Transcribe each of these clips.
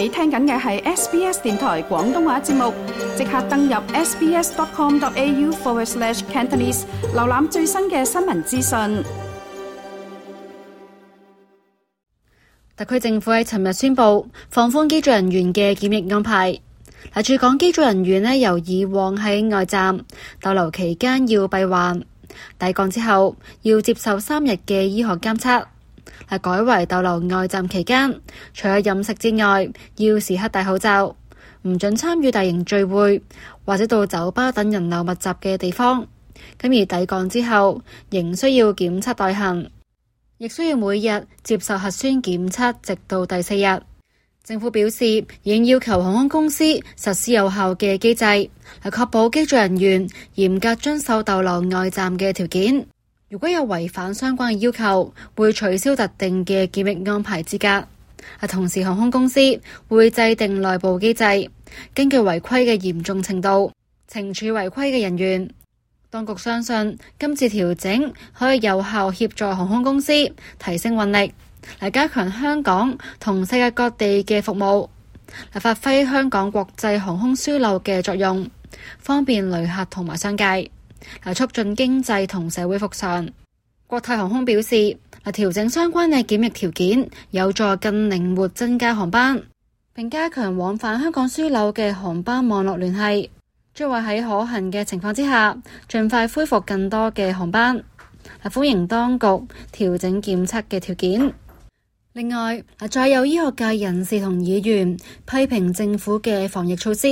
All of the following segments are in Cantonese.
你聽緊嘅係 SBS 電台廣東話節目，即刻登入 sbs.com.au/cantonese，瀏覽最新嘅新聞資訊。特區政府喺尋日宣布，放寬機組人員嘅檢疫安排。嗱，駐港機組人員咧，由以往喺外站逗留期間要閉環，抵港之後，要接受三日嘅醫學監測。係改為逗留外站期間，除咗飲食之外，要時刻戴口罩，唔准參與大型聚會或者到酒吧等人流密集嘅地方。咁而抵港之後，仍需要檢測代行，亦需要每日接受核酸檢測，直到第四日。政府表示，已要求航空公司實施有效嘅機制，嚟確保機組人員嚴格遵守逗留外站嘅條件。如果有違反相關嘅要求，會取消特定嘅檢疫安排資格。係同時，航空公司會制定內部機制，根據違規嘅嚴重程度，懲處違規嘅人員。當局相信今次調整可以有效協助航空公司提升運力，嚟加強香港同世界各地嘅服務，嚟發揮香港國際航空樞紐嘅作用，方便旅客同埋商界。嗱，促進經濟同社會復常。國泰航空表示，嗱調整相關嘅檢疫條件，有助更靈活增加航班，並加強往返香港樞紐嘅航班網絡聯繫，將會喺可行嘅情況之下，盡快恢復更多嘅航班。係歡迎當局調整檢測嘅條件。另外，嗱再有醫學界人士同議員批評政府嘅防疫措施。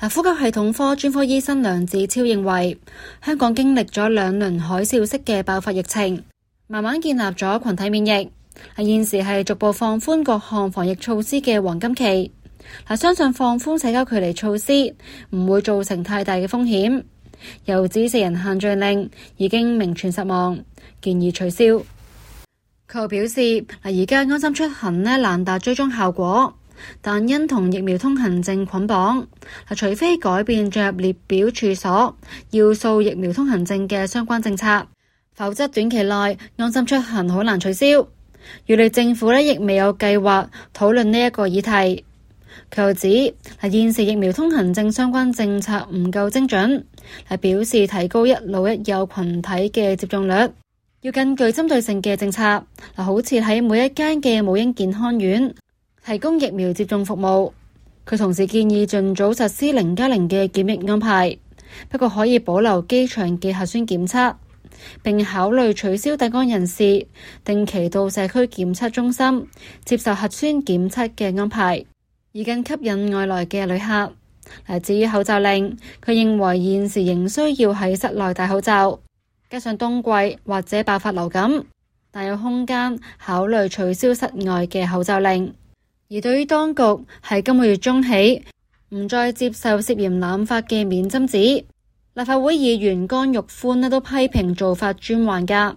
呼吸系統科專科醫生梁子超認為，香港經歷咗兩輪海嘯式嘅爆發疫情，慢慢建立咗群體免疫。現時係逐步放寬各項防疫措施嘅黃金期。嗱，相信放寬社交距離措施唔會造成太大嘅風險。又指四人限聚令已經名存實亡，建議取消。佢又表示，而家安心出行呢，難達追蹤效果。但因同疫苗通行證捆綁，除非改變進入列表處所要掃疫苗通行證嘅相關政策，否則短期內安心出行好難取消。如嚟政府呢，亦未有計劃討論呢一個議題。佢又指，現時疫苗通行證相關政策唔夠精準，係表示提高一老一幼群體嘅接種率要根據針對性嘅政策嗱，好似喺每一間嘅母嬰健康院提供疫苗接種服務。佢同時建議盡早實施零加零嘅檢疫安排，不過可以保留機場嘅核酸檢測，並考慮取消抵港人士定期到社區檢測中心接受核酸檢測嘅安排，以更吸引外來嘅旅客。嚟至於口罩令，佢認為現時仍需要喺室內戴口罩，加上冬季或者爆發流感，但有空間考慮取消室外嘅口罩令。而對於當局喺今個月中起唔再接受涉嫌濫發嘅免針紙，立法會議員江玉歡咧都批評做法專橫噶，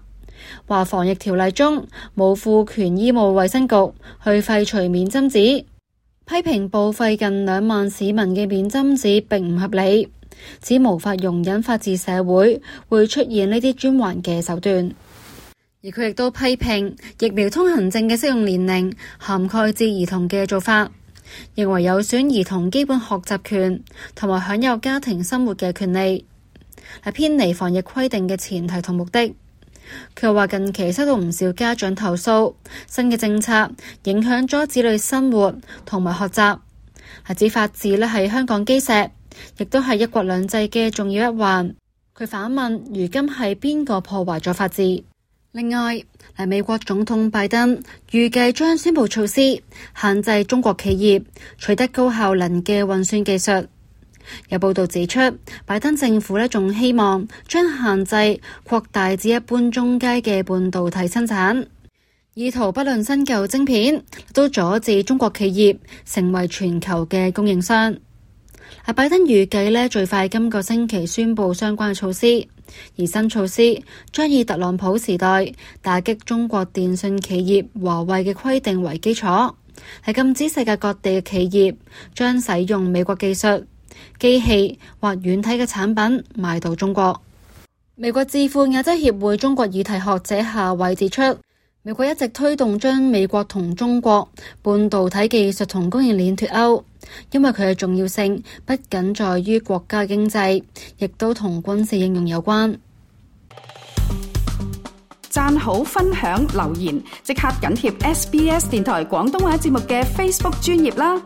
話防疫條例中冇賦權醫務衛生局去廢除免針紙，批評報廢近兩萬市民嘅免針紙並唔合理，只無法容忍法治社會會，會出現呢啲專橫嘅手段。而佢亦都批評疫苗通行證嘅適用年齡涵蓋至兒童嘅做法，認為有損兒童基本學習權同埋享有家庭生活嘅權利，係偏離防疫規定嘅前提同目的。佢又話近期收到唔少家長投訴，新嘅政策影響咗子女生活同埋學習。係指法治呢係香港基石，亦都係一國兩制嘅重要一環。佢反問：如今係邊個破壞咗法治？另外，嚟美國總統拜登預計將宣佈措施，限制中國企業取得高效能嘅運算技術。有報道指出，拜登政府呢仲希望將限制擴大至一般中階嘅半導體生產，意圖不論新舊晶片，都阻止中國企業成為全球嘅供應商。拜登預計呢最快今個星期宣佈相關嘅措施。而新措施將以特朗普時代打擊中國電信企業華為嘅規定為基礎，係禁止世界各地嘅企業將使用美國技術、機器或軟體嘅產品賣到中國。美國智庫亞洲協會中國議題學者夏偉指出，美國一直推動將美國同中國半導體技術同供應鏈脱歐，因為佢嘅重要性不僅在於國家經濟，亦都同軍事應用有關。讚好、分享、留言，即刻緊貼 SBS 電台廣東話節目嘅 Facebook 專頁啦！